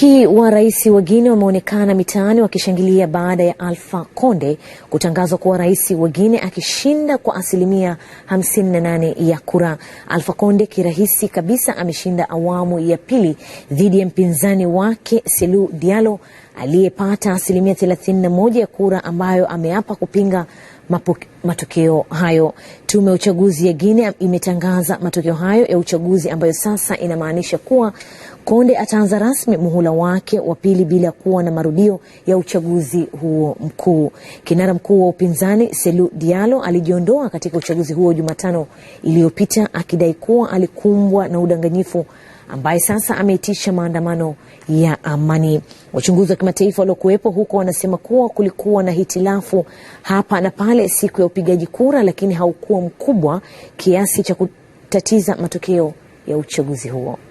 Mashabiki wa rais wa Guinea wameonekana mitaani wakishangilia baada ya Alpha Konde kutangazwa kuwa rais wa Guinea akishinda kwa asilimia 58 ya kura. Alpha Konde kirahisi kabisa ameshinda awamu ya pili dhidi ya mpinzani wake Selu Dialo aliyepata asilimia 31 ya kura ambayo ameapa kupinga matokeo hayo. Tume ya uchaguzi ya Guinea imetangaza matokeo hayo ya uchaguzi ambayo sasa inamaanisha kuwa Konde ataanza rasmi muhula wake wa pili bila kuwa na marudio ya uchaguzi huo mkuu. Kinara mkuu wa upinzani Selu Diallo alijiondoa katika uchaguzi huo Jumatano iliyopita akidai kuwa alikumbwa na udanganyifu ambaye sasa ameitisha maandamano ya amani. Wachunguzi wa kimataifa waliokuwepo huko wanasema kuwa kulikuwa na hitilafu hapa na pale siku ya upigaji kura, lakini haukuwa mkubwa kiasi cha kutatiza matokeo ya uchaguzi huo.